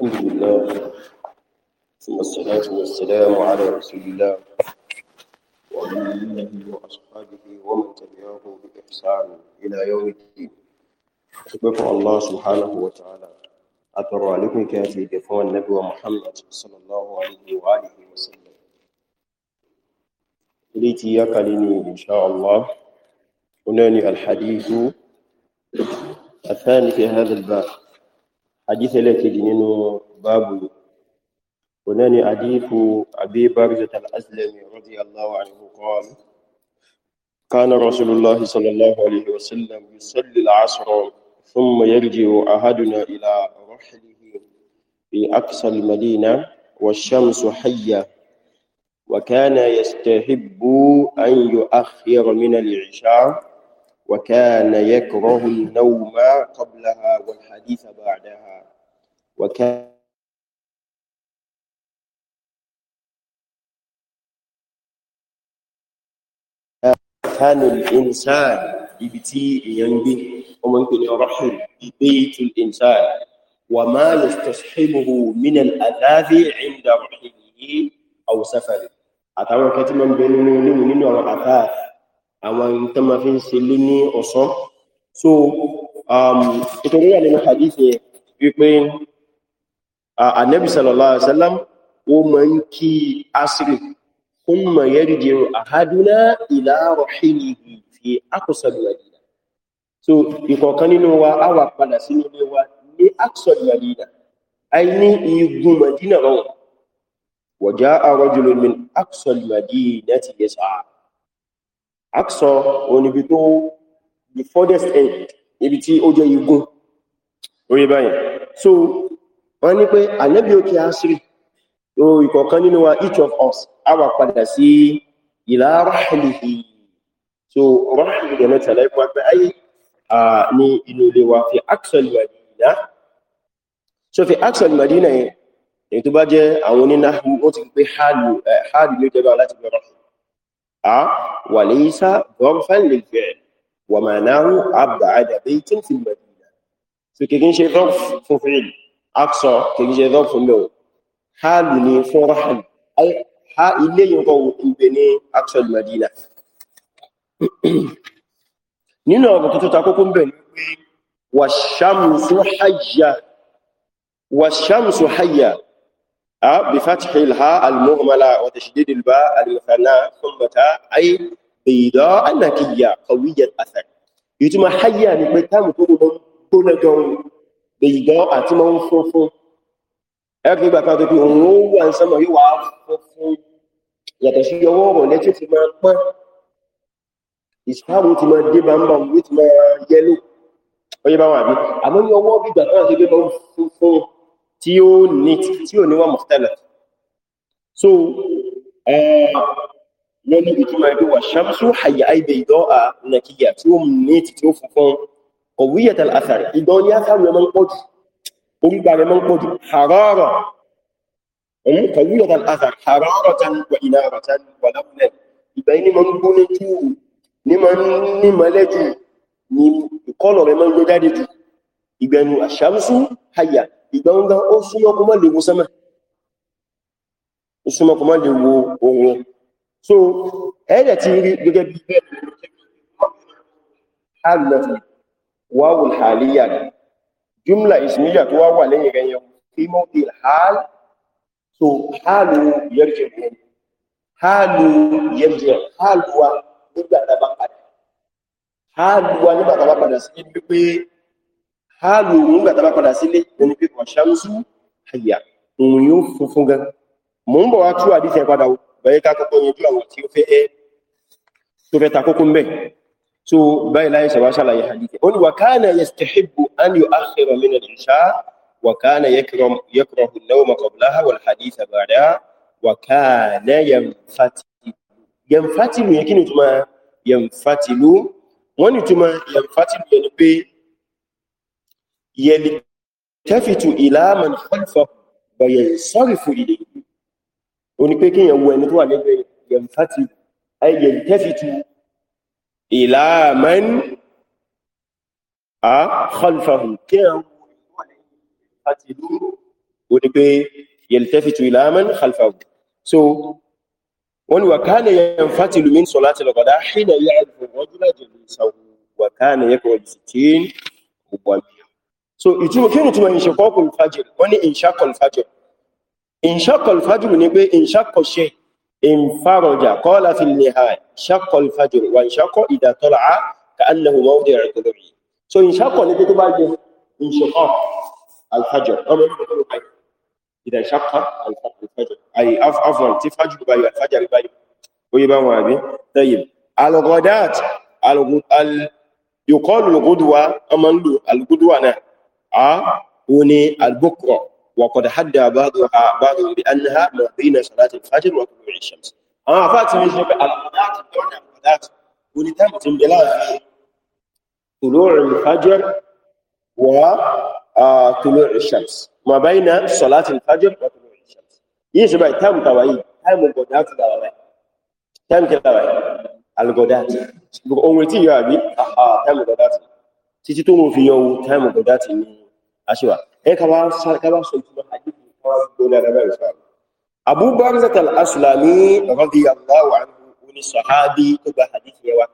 الحمد لله ثم الصلاة والسلام على رسول الله وعلى وأصحابه ومن تبعه بإحسان إلى يوم الدين أشكركم الله سبحانه وتعالى أترى لكم كافي دفوع النبي محمد صلى الله عليه وآله وسلم إليتي يقلني إن شاء الله هناني الحديث الثاني في هذا الباب حديث لك نينو باب وناني حديث أبي برزة الأسلم رضي الله عنه قال كان رسول الله صلى الله عليه وسلم يصلي العصر ثم يرجع أحدنا إلى رحله في أقصى المدينة والشمس حية وكان يستحب أن يؤخر من العشاء وكان يكره النوم قبلها والحديث بعدها وكان كان الإنسان يبتي ينبي ومن يرحل بيت الإنسان وما يستصحبه من الأذاذ عند رحله أو سفره من كتما بينه ونينه أثاث àwọn tó ma fi ń ṣe lé ní ọ̀sán so ìtorí um, wà nínú hadithi wípé anabi sallallahu alaihi wasallam ó ma ń kí asiri thumma yarji'u ahaduna ila rahilihi fi aqsal so ìkọ̀ọ̀kan nínú wa á wà padà sí nílé wa ní aqsal madina ai ní igun madina rọrùn wa ja'a rajulun aksọ oníbi tó the furthest end ibi tí ó jẹ́ igun orí báyìí so wọ́n ní pé ànábì òkè asiri o ìkọ̀ọ̀kan nínú wa each of us a wà padà sí ìlà ráhìlìhì so ráhìlì dẹ̀ mẹ́ta láìpọ̀ àgbẹ̀ ayé ní inú ilé wa fi aksọl madina so fi aksọl madina yẹn to tó bá jẹ́ àwọn onínà ó ti pé hálù eh, ló jẹ́ bá láti bẹ̀rẹ̀ ráhìlì آه؟ وليس ظرفا للفعل ومعناه أبعد بيت في المدينة فكي شيء ظرف فعل أقصى كي شيء ظرف له حالني فرحا أي ha ilé yìí kọ̀ ìgbè المدينة actual Madina nínú ọ̀rọ̀ tó tó takókó ń bẹ̀ ní pé wàṣàmùsù hayya بفتح الهاء المهملة وتشديد الباء المثنى ثم تاء أي بيضاء نقية قوية الأثر يتم حيا نبتام تقولون كل جون بيضاء تمام فوفو ẹgbẹ́ bàbá tó bí òun ó wà ń sánmà yóò wà fún yàtọ̀ sí ọwọ́ ọ̀rọ̀ lẹ́tí ti máa pán ìsáàmù ti máa dé bá ń bá òun ti máa yẹ́lò ọyẹ́ bá wọn àbí àmọ́ ní ọwọ́ bí gbàtọ́ àti gbé bá ń fún tí ó ní tí ó ní wọ́n mọ̀tẹ́lẹ̀ so ló ní ìtumọ̀ ẹgbẹ́ wà ṣamsú àyà àìbẹ̀ ìdọ́ à nàkíyà tí ó ní tí ó funfun kọ̀wíyàtà àtàrí ìdọ́ ní àtàrí ọmọ pọ̀jù orígbà rẹ̀ mọ́ pọ̀jù harọ́rọ̀ kọ̀wíyàtà àtàrí harọ́rọ̀ tan wà iná rọ̀ jù ìgbọ́ngán ó súnmọ́ kó má lè wo sánmà ó súnmọ́ kó má lè wo ohun ẹ̀ so ẹ̀ẹ́dẹ̀ ti rí gẹ́gẹ́ bí bẹ́ẹ̀ alẹ́fẹ́ wáwùl hàlíyà jùmlà ìsìníyà tó wá wà lẹ́yìn rẹ̀yẹ fi mọ́ il hàl so hàlù yẹ́rìjẹ̀ nígbàtàbà padà hàlùwa nígbàtàbà pípé hálù òun gbà tàbá padà sílé ẹni pé kọ̀ ṣámsú àyà òun yóò funfun gan mọ́ ń bọ̀ wá tú àdífẹ́ padà bẹ̀rẹ̀ kákọ́kọ́ yanjú àwọn tí ó fẹ́ ẹ́ tó fẹ́ takókún bẹ́ so báyìí láyé wọ́n ni túmọ̀ yanfatilu yẹ pé yẹ̀lìtẹ́fìtù ìlàmàn kọlfà bọ̀yẹ̀ sọ́rì fún ilé o ní pé kí yẹn wo ẹni tó wà lẹ́gbẹ̀ yẹ̀lìfàtì yẹ̀lìtẹ́fìtù ìlàmàn a kọlfà hù kí yẹn wo ẹni tó wà lẹ́gbẹ̀ o ní pé yẹ̀lìtẹ́fìtù ìlàmàn kọlfà so wọ́n wà káà ní yẹn fàtì lùmín sọ láti lọ́kọ̀dá hìnà yẹ́ so ìtumọ̀ kí ìtumọ̀ ìṣẹ́kọ́kùn fàjìrì wọ́n ní ìṣàkọ̀l fàjìrì ìṣàkọ̀l fàjìrì ní pé ìṣàkọ̀ṣẹ́ ìfàrọ̀jà kọ́lá fi lè ha ìṣàkọ̀l fàjìrì wà ìṣàkọ̀ ìdàtọ́lá ka annahu mawdi' al-qudri so ìṣàkọ̀ ní pé tó bá jẹ ìṣàkọ̀ al-fajr ọmọ ìdá ìṣàkọ̀ al náà هنا البكرة وقد حدى بعضها بعضهم بأنها ما بين صلاة الفجر وطلوع الشمس آه فاتم يجب القناة دون القناة ولتمت بلا في طلوع الفجر وطلوع الشمس ما بين صلاة الفجر وطلوع الشمس يجب أن تم توعي تم القناة دوامي تم كدوامي القناة أمتي يا أبي أها تم القناة تتتم في يوم تم القناة àṣíwà ẹ ká wá sọ ìtumọ̀ àdíkù káwà gbogbo lára bá ìṣà Abu Barzata al-Aslami radiyallahu anhu ní sọ̀hábí tó gba àdíkù yẹwa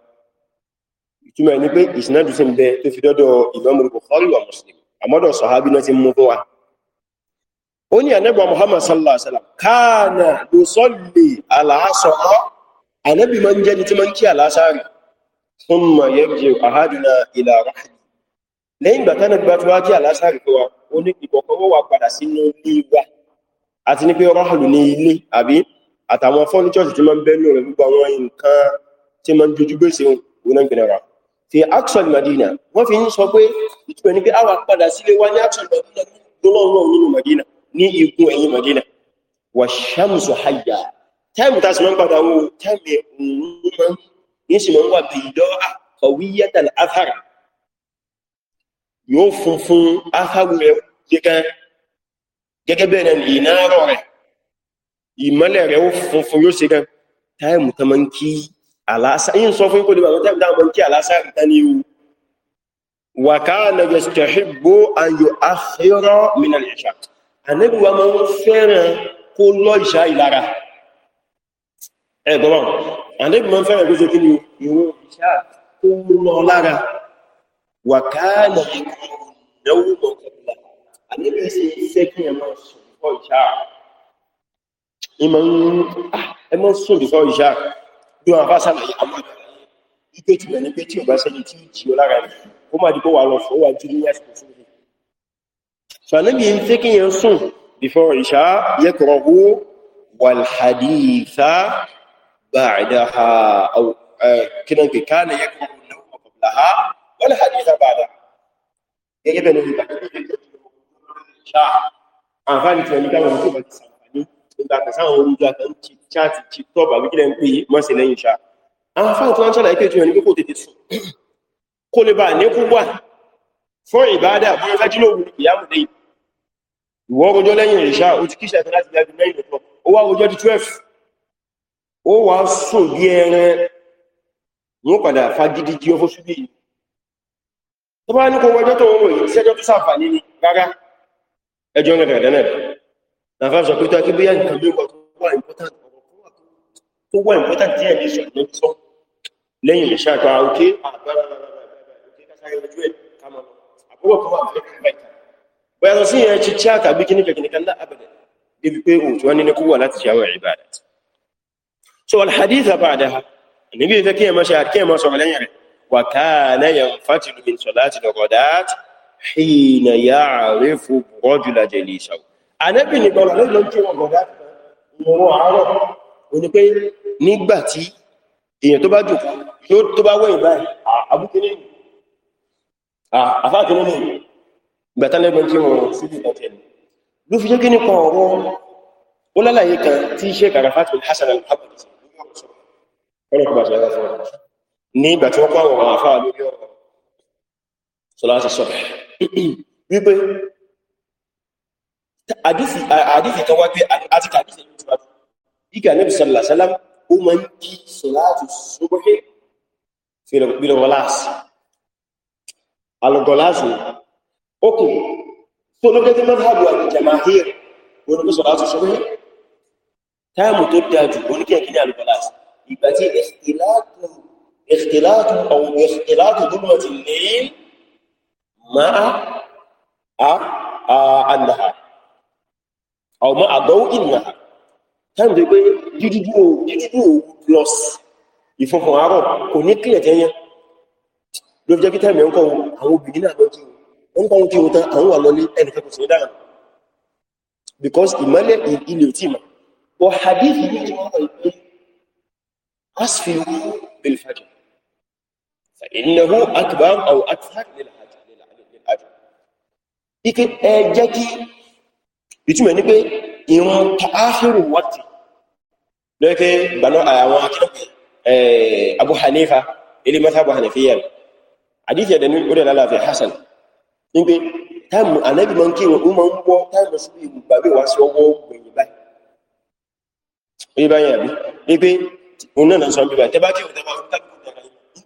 ìtumọ̀ ní pé ìsinádù sí ń bẹ tó fi dọ́dọ̀ Imam Bukhari wa Muslim àmọ́dọ̀ sọ̀hábí náà ti mú bọ́ wa ó ní ànẹ́bà Muhammad sallallahu alaihi wasallam kana yusalli al-asr ànẹ́bì máa ń jẹ́ ní tí máa ń thumma yarji'u ahaduna ila rahli lẹ́yìn ìgbà tánà gbà tó wá jí àlásàrì tó wà ó ní ìkọ̀kọ́wọ́ wà padà sínú ilé wa àti ní pé rọ́hàlù ní ilé àbí àtàwọn fọ́nìchọ́sì tí ma ń bẹ́nu rẹ̀ gbogbo àwọn nǹkan tí ma ń dojú gbèsè onan gbìnara fi aksol madina wọ́n fi ń sọ pé ìtumẹ̀ ní pé a wà padà sílé wa ní aksol madina lọ́lọ́rọ̀ nínú madina ní igun ẹ̀yìn madina wà ṣàmùsù hayà táìmù tá sì ma ń padà sì ma yóò funfun áfáwù rẹ̀ kíkẹ́ gẹ́gẹ́ bẹ́ẹ̀ náà ìnáàrọ̀ rẹ̀ ìmọ́lẹ̀ rẹ̀ ó funfun yóò ṣe gan táìmù tán máa ń kí àlásà yìí sọ fún ìkòlùbà àwọn táìmù tán máa ń kí àlásà rí tán ní ewu wà káàlẹ̀ yastahibu an yu'akhkhira min al-isha ànẹ́bùwà fẹ́ràn kó lọ ìṣà ìlara ẹgbọ́n ànẹ́bùwà ń fẹ́ràn kó kí ni ìwọ̀n ìṣà kó lọ lára wàkánà ìnáwó mọ̀kànlá àníbẹ̀ sí sẹ́kùn ẹmọ́ sùn before ìṣá ẹmọ́ ah, sùn before ìṣá bí wọ́n bá sàlàyé àwọn ìpé tí mẹ́rin pé tí ò bá sẹ́yìn tí jí o lára rẹ̀ ó máa dìbò wà lọ fún wà kí yẹn sùn before ìṣá yẹ́kọ̀ọ́ wọ́n hadith bàdà gẹ́gẹ́ bẹ̀rẹ̀ nígbà àǹfààní tí wọ́n ní káwọn tó bá ti sàǹfààní nígbà àtàsáwọn orújú àtàrí chaati ti tọ́bà wíkílẹ̀ ń pè mọ́sí lẹ́yìn ṣá àǹfààní tí wọ́n tọ́lá ikẹ́ jùlọ ní pé kò tètè sùn kó lè bá ní púpọ̀ fún ìbádà bí wọ́n fẹ́jú lóòrùn ìyàmù lẹ́yìn ìwọ́ rojọ́ lẹ́yìn ìṣá ó ti kíṣà tó láti gbàgbé mẹ́rin lọ́pọ̀ ó wá rojọ́ di 12 ó wá sùn bí ẹran wọ́n padà fagidi jí ó fóṣù bí tó bá ní kò wọ́jọ́ tó wọ́n yìí sẹ́jọ́ tó sàfàní ni rárá ẹjọ́ rẹ̀ rẹ̀ dẹ́nà láfáà sọ pé tó akí bóyá nǹkan mẹ́kọ̀ tó wà important tó wà important tí ẹ̀dẹ́ sọ ìlú sọ lẹ́yìn ìṣẹ́ àpá òkè àgbàrá àgbàrá àgbàrá àgbàrá وكان ينفتل من صلاة الغداة حين يعرف رجل جليسه Ànábì ni gbọ́nà lórí lójú ọgọ̀dá ìwọ̀n àárọ̀ òní pé nígbàtí èèyàn tó bá jù yóò tó bá wẹ́ ní ìgbàtánẹ́gbẹ̀ tí ọ̀rọ̀ ó lálàyé ní ìgbà tí wọ́n pàwọ̀ àwọn àfáà lórí ọ̀rọ̀ sọláṣẹ́ sọ́bẹ̀ wípé àdífì kan wá pé àti kàdífì ní ìtìwájú ìgbà níbi sọlásálám ó ma ń kí sọláṣẹ́ sọ́bẹ̀ fílọ̀gọ́láṣì alọ́gọ́láṣì ókè tó lókè tí mọ́tàbù àti jamahir onígbé sọláṣẹ́ sọ́bẹ̀ táàmù tó dájú oníkẹ́kẹ́ ní alọ́gọ́láṣì ìgbà tí ìlàkùn اختلاط أو اختلاط ظلمة الليل مع النهار أو مع ضوء النهار táìmù tó pé dídúdú òwú dídúdú òwú plus ìfọ̀fọ̀ àárọ̀ kò ní kílẹ̀ tẹ́yẹn ló fi jẹ́ kí táìmù ẹ̀kọ́ àwọn obìnrin náà lọ́jọ́ wọ́n kọ́ kí wọ́n tán àwọn wà lọ́lé ẹnìkẹ́kọ̀ọ́ sí dára because ìmọ́lẹ̀ ilẹ̀ tí ma wọ́n hadith yìí ti wọ́n pẹ̀lú asfiru bilfajr فإنه أكبر أو أكثر للأجر ike ẹ jẹ́ kí ìtumẹ̀ ní pé ìran tààfíru wáti lọ́ẹ̀kẹ́ gbaná àwọn akẹ́kẹ́ Abu Hanifa ilé mẹ́ta Abu Hanifiya àdíkẹ́ ẹ̀dẹ̀ ní orí lálàáfẹ́ Hassan ní pé táàmù Ànábì mọ́ kí wọ́n mọ́ ń wọ́ táàmù sí ìgbàgbé wá sí ọwọ́ gbẹ̀yìn báyìí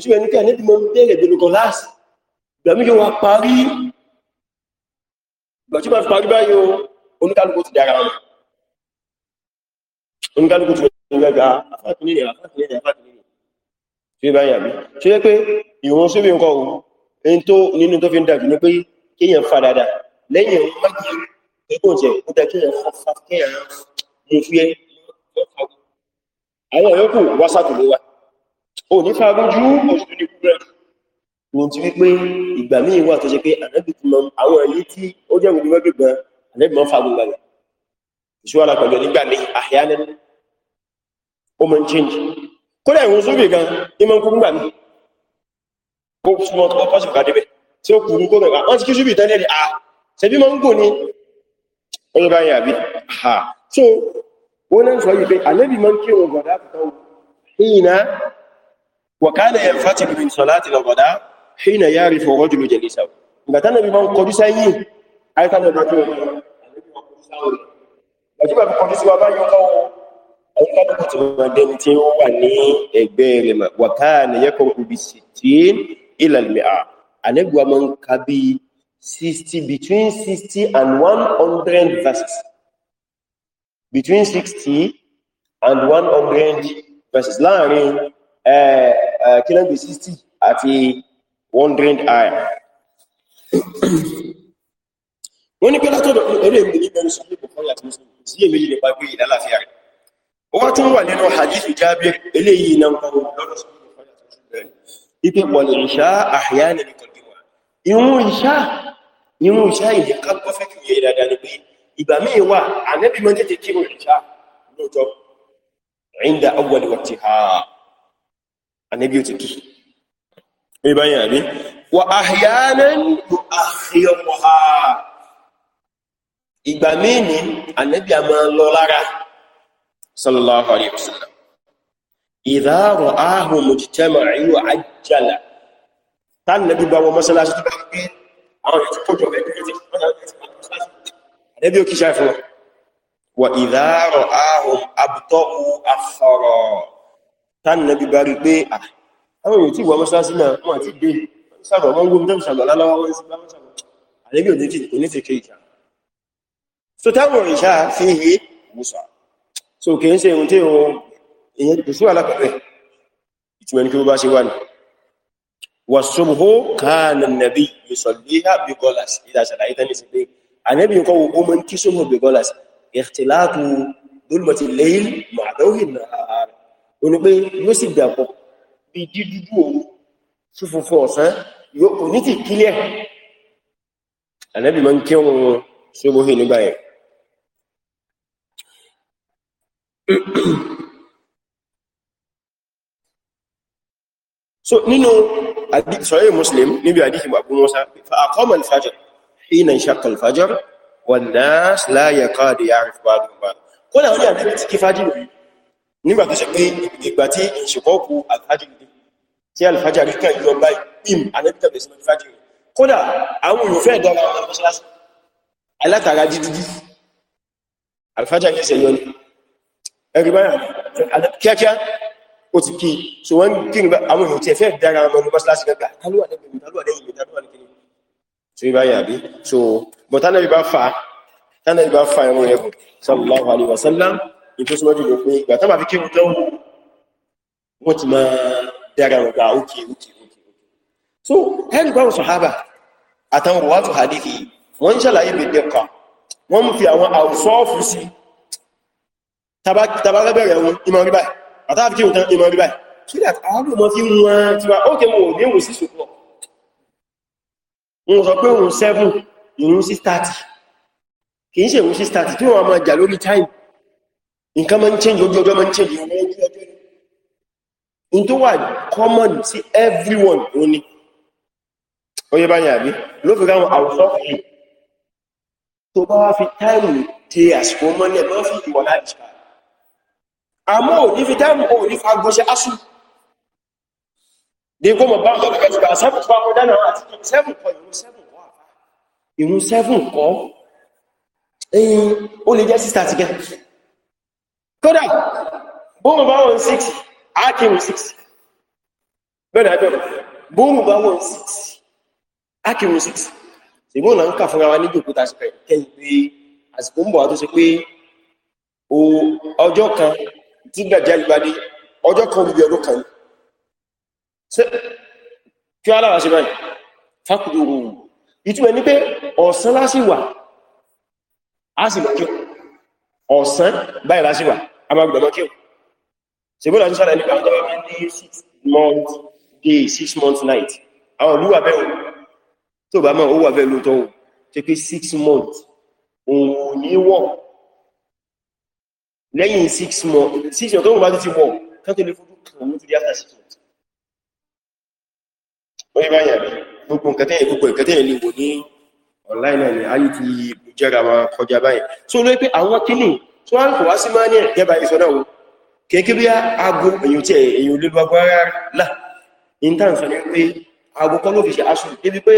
so tí ẹni kẹ́ẹ̀ níbi mọ́ bẹ̀rẹ̀ ìdínú gọláàsì gbẹ̀mí yóò wá parí gbẹ̀tí ma fi parí báyìí oníkálùkù ti dára wọn oníkálùkù ti gẹ́gà afáàkìlẹ̀ afáàkìlẹ̀ afáàkìlẹ̀ tí ó bá yàbí ṣe é pé ìwọ̀n sóbi nǹkan ohun èyí tó nínú tó fi ń dàjú ní pé kéèyàn fa dáadáa lẹ́yìn àwọn yòókù wásàtù ló wà ò ní farójú òṣèlú ní kúrẹ́ wọ́n ti wípé ìgbà míì wà tó ṣe pé ànábìkú mọ́ àwọn ẹ̀lí tí ó jẹ́ òun wẹ́gbẹ̀ gan ànábì mọ́ fagun gbàgbà ìṣúwà lápẹ̀lú nígbà ní àhíyánẹ́ ó mọ́ change kódà ìwọ̀n sóbì gan ìmọ̀ kúrú gbà mí kó súnmọ́ tó pọ́sì kàdébẹ̀ tí ó kúrú kó mẹ́wàá wọ́n ti kí sóbì tẹ́lẹ̀ à ah, ṣẹbí mọ́ ń gò ní ọyọ́ bá yà bí ha so wọ́n náà sọ yìí pé ànábì mọ́ ń kí òun gbàdá وكان ينفتل من صلاة الغداء حين يعرف الرجل جليسه ìgbàtà nàbí ma ń kọjú sẹ́yìn àìkàlẹ̀ ìdájọ́ ìgbàtíbà fi kọjú sí wa bá yọ lọ́wọ́ àìkàlẹ̀ tí wọ́n dẹ̀ tí ó wà ní ẹgbẹ́ rẹ̀ mà wàká ní yẹ́kọ̀ òbí sí tí ìlàlẹ̀ à anẹ́gbà ma ń ka bí 60 between 60 and 100 verses between 60 and 100 verses láàrin eh, Eh, kílẹ̀gbẹ̀ 60 àti wandering eye wọ́n ní pé látọ̀dọ̀ eré ìmú ní bẹ̀rẹ̀ sọ́lé bọ̀kọ́lá àti mùsùlùmí sí èmì ilẹ̀ pàgbé ìlàláfíà rẹ̀ ó wá tún wà nínú hadith Jabir eléyìí na ń kọ́ lọ́dọ̀ sọ́lé bọ̀kọ́lá àti mùsùlùmí ipe pọ̀lẹ̀ ìṣá àhíyánà ní kọ̀díwà ìrun ìṣá ìrun ìṣá ìdí kápọ̀ fẹ́ yẹ dáadáa ni pé ìgbà míì wà ànẹ́bí mọ́ tètè kírun ìṣá lóòótọ́ ìrìndà awwal waqtiha ànábì ò ti kí ní báyìí àbí wà ahyanan yu'akhkhiruha ìgbà míì ní ànábì a máa lọ lára sallallahu alayhi wa sallam idha ra'ahu mujtama'u ajjala tá ànábì bá wọn mọ́sálásí tó bá gbé àwọn ètò tánàbí bá rí pé ah, àwọn èèyàn tí ìwà mọ́sálásí náà wọ́n àti dé sáàrọ̀ wọ́n gbóhùn tẹ́bù sàgbà láláwọ́ wọ́n sí bá mọ́sàgbà àlébí ò ní ti kí ìkà so táwọn ìṣà fi hì wùsà so kìí ṣe ohun tí ohun èyàn kò sí alápẹ̀ẹ́ ìtìmẹ̀ ní kí ó bá ṣe wà ní kánà nàbí yusọ̀líhà bí gọ́lás ìdáṣàlàyé sí pé ànẹ́bí nǹkan wo ó mọ́ kí sọ́mọ̀ bí gọ́lás ìhtìlátù dúlmọ̀tì lẹ́yìn màdọ́hìn náà ó ní pé yóò sì dàpọ̀ bí dídúdú òru sí funfun ọ̀sán kò ní ti kílẹ̀ ànábì máa ń kí wọn ṣóbóhì nígbà yẹn so nínú sọ́yẹ́ muslim níbi àdíkì Abu Musa fa aqama al-fajr hina shaqqa al-fajr wan nas la yakadu ya'rifu ba'duhum ba'dan kó nígbà tó ṣe pé ìgbà tí ìṣẹ̀kọ́kù alfajiri tí alfajiri kan yọ bá im anẹ́bíkà bẹ̀rẹ̀ sí alfajiri kódà àwọn olùfẹ́ dára àwọn mọ́ṣálásí alátara dídúdú alfajiri ṣe yọ ní ẹgbẹ̀rẹ̀ kíákíá ó ti kí so wọ́n kí ní àwọn olùfẹ́ tẹ́ fẹ́ dára àwọn mọ́ṣálásí gẹ́gẹ́ tálúwà lẹ́gbẹ̀rẹ̀ tálúwà lẹ́yìn tálúwà lẹ́gbẹ̀rẹ̀ so ibá yà bí so bọ̀tánà ibá fa sallallahu alaihi wasallam tó súnmọ́ jùlọ pé ìgbà tó bá fi kírun tán wọ́n ti máa dára ọgbà òkè òkè òkè so ẹni gbáwọn sọ̀hábà àtàwọn wàtò hadithi wọ́n ń ṣàlàyé bèèrè kọ wọ́n fi àwọn àwùsọ́ọ̀fù sí tabagẹ́bẹ̀rẹ̀ wọn ìmọ̀ rí báyìí àtàfi kírun ìmọ̀ rí báyìí so that àwọn ọmọ fi wọn ti wá ókè wọn ò ní wò sí sòpọ̀ wọn sọ pé òun 7 ìrún sí 30 kìí ṣe ìrún sí time nǹkan máa ń change ojú ọjọ́ máa ń change ọmọ ojú ọjọ́ ni in tó wà common sí everyone ó ní oye bá yàbí ló fi ráwọn àwùsọ́ fi tó bá wá fi táìmù tẹ àsìkò mọ́lẹ̀ bá fi ìwọ̀ láti ṣà àmọ́ ò ní fi táìmù ò ní fagbọ́ṣẹ́ asù dé kó mọ̀ bá ọjọ́ kẹta sẹ́fù tó bá kọ́ dáná àti sẹ́fù kọ́ ìrún sẹ́fù kọ́ àfá ìrún sẹ́fù kọ́ ó lè jẹ́ sísà ti gẹ́ kódà bóòmù bá wọn 6 ákìmù 6 bẹ́ẹ̀ àjọ́ bóòmù bá wọn 6 ákìmù 6 ṣègbọ́n náà ń kà fúnra wa ní jòkó tàṣí pẹ̀ kẹ́yìn pé àsìkò ń bọ̀ àtúnṣe pé ọjọ́ kan tí gbàjá ìgbàdé ọjọ́ kan olùgbé ọdún kan kí alára ṣe báyìí fákùdù ohun ìtumẹ̀ ní pé ọ̀sán lásìwà á sì lọ́kẹ́ ọ̀sán báyìí lásìwà abagbọ̀dọ̀ mọ́ kí o ṣègbọ́dọ̀ tó months day 6 months night àwọn olúwà bẹ́ẹ̀ tó bá mọ́ owó àbẹ́ lóòtọ́ ohun tó pé 6 months òun ní wọ́ lẹ́yìn 6 months 6 months tó wọ́n bá tó ti wọ́ kán tó lè fojú kàn mú tó di after 6 months wọ́n yíba yàrí gbogbo nkẹtẹ́ gbogbo nkẹtẹ́ ilé wò ní online náà ni ayé ti jẹ́ra wọn kọjá báyìí so lórí pé àwọn kíní tó wá ń kò wá sí máa ní ẹ̀gẹ́bà ìsọ náà kẹ́kẹ́ bí aago èyàn tí èyàn olè lọ́gbọ́ rárá là intanṣọ́ ní pé aago kọ́ ló fi ṣe aṣù débi pé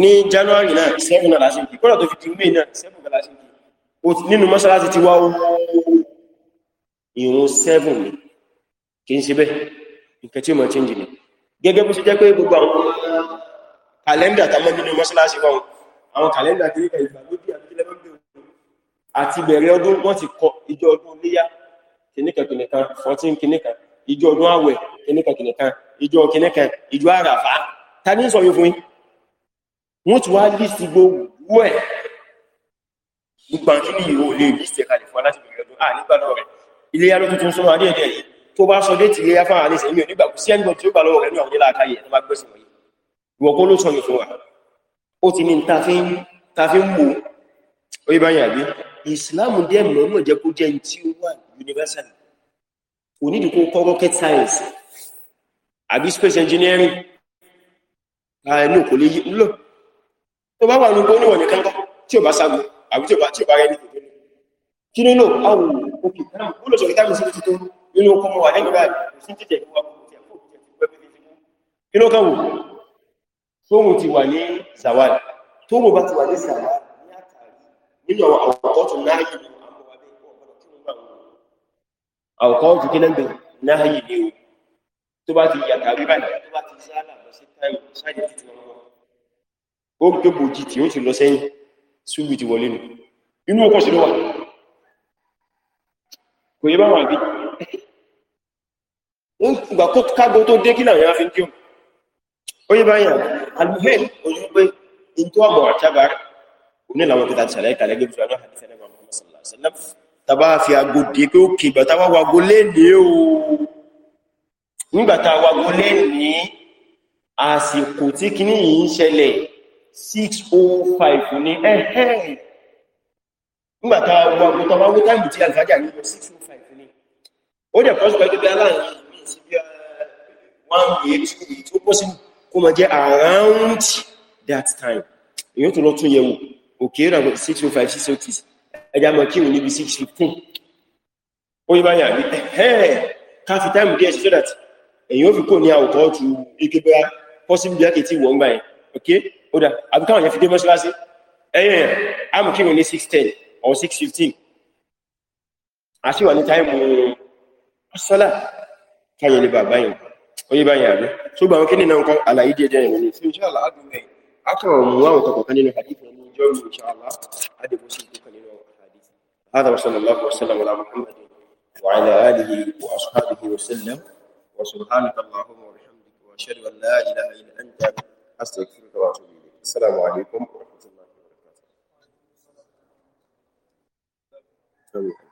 ní January náà 7 náà lásìkò kọ́nà tó fi di May náà 7 náà lásìkò ti ìrún 7 ni kì í ṣe bẹ́ẹ̀ nǹkan tí ó mọ̀ change ni gẹ́gẹ́ bó ṣe jẹ́ pé gbogbo àwọn kàlẹ́ndà tàmọ́ nínú mọ́ṣáláṣí wọn àwọn kàlẹ́ndà kìí àti bẹ̀rẹ̀ ọdún wọ́n ti kọ ìjọ ọdún léyá kìníkàkìníkan 14 kìníkan ìjọ ọdún àwẹ̀ kìníkàkìníkan ìjọ kìníkan ìjọ àràfà ta ní sọ yóò fún wọ́n ti wá lísì gbogbo ẹ̀ gbogbo ní ìwò lè lísì kàlìfọ́ láti bẹ̀rẹ̀ ọdún à nígbà náà rẹ̀ ilé yá ló tuntun súnmọ́ adé ẹ̀dẹ̀ yìí tó bá sọ dé ti ilé ìsìláàmù díẹ̀ mọ̀mọ̀ jẹ́ kó jẹ́ tí ó wà universal kò nídìí kó kọ́ rocket science àbí space engineering àìní kò lè yí lọ tó bá wà ní gbóní wọ̀n nìkan tí ò bá sáàbù àbí tí ò bá tí ò bá rẹ̀ ní kò kí nílò àwọn òkè náà ó lọ sọ ìtàkùn sí tuntun nínú ọkọ̀ mọ̀ wà nínú rẹ̀ kò sí títẹ̀ ìwà kò tẹ̀ kò tẹ̀ pẹ́ pẹ́ nínú àwọn àwọ̀kọ́tù náàyè ni àwọ̀kọ́tù kí lẹ́gbẹ̀ náàyè ni o tó bá ti yàtà rí báyìí tó bá ti sáàlà lọ sí táìmù sáàdì títí wọn ó gbé bòjì tí ó ti lọ sẹ́yìn súbù ti wọlé nù inú ọkọ̀ sí ló wà ní làwọn kẹta ti ṣàlẹ́ kalẹ̀ gẹ́gẹ́ bí wọ́n hadith ẹ̀nà Muhammad sallallahu alaihi wasallam tàbá fi ago dé pé ó kè gbàtà wà wago lé ní o nígbàtà wago lé ní yìí ń ṣẹlẹ̀ 605 ní ẹ̀hẹ́ nígbàtà wago tàbá táìmù tí àgbájá ní 605 ní ó dẹ̀ pọ́sù pẹ̀lú pé aláàrin mi sí bí one year two year tó kó mọ jẹ́ around that time èyí tó lọ tún yẹ̀wò òkèèrè àwọn 605 606 ẹjá mọ̀ kí o níbi 615 ó yí báyà rí ẹ̀ẹ́ káfí táìmù díẹ̀ sí sódàtí èyàn fi kò ní àwòkọ́ tu ikébẹ́ra eh, eh, possible díẹ̀ kìtì wọ́n gbà yẹn ok ó dá àbúkáwọn yẹn fi dé mọ́ṣíláṣí ẹ̀yẹn àmù kí o ní 610 or 615 a sì wà ní táìmù sọ́lá káyẹ̀ lè bàbá yẹn ó yí báyà rí ṣùgbọ́n kí ni náà kọ́ àlàyé díẹ̀ díẹ̀ yẹn ní sí ìṣẹ́ àlàádùn mẹ́rin akọ̀rọ̀ mú àwọn kọ̀kọ̀kan nínú hadith اليوم إن شاء الله هذه هذا وصلى الله وسلم على محمد وعلى آله وأصحابه وسلم وسبحانك اللهم وبحمدك وأشهد أن لا إله إلا أنت أستغفرك وأتوب إليك السلام عليكم ورحمة الله وبركاته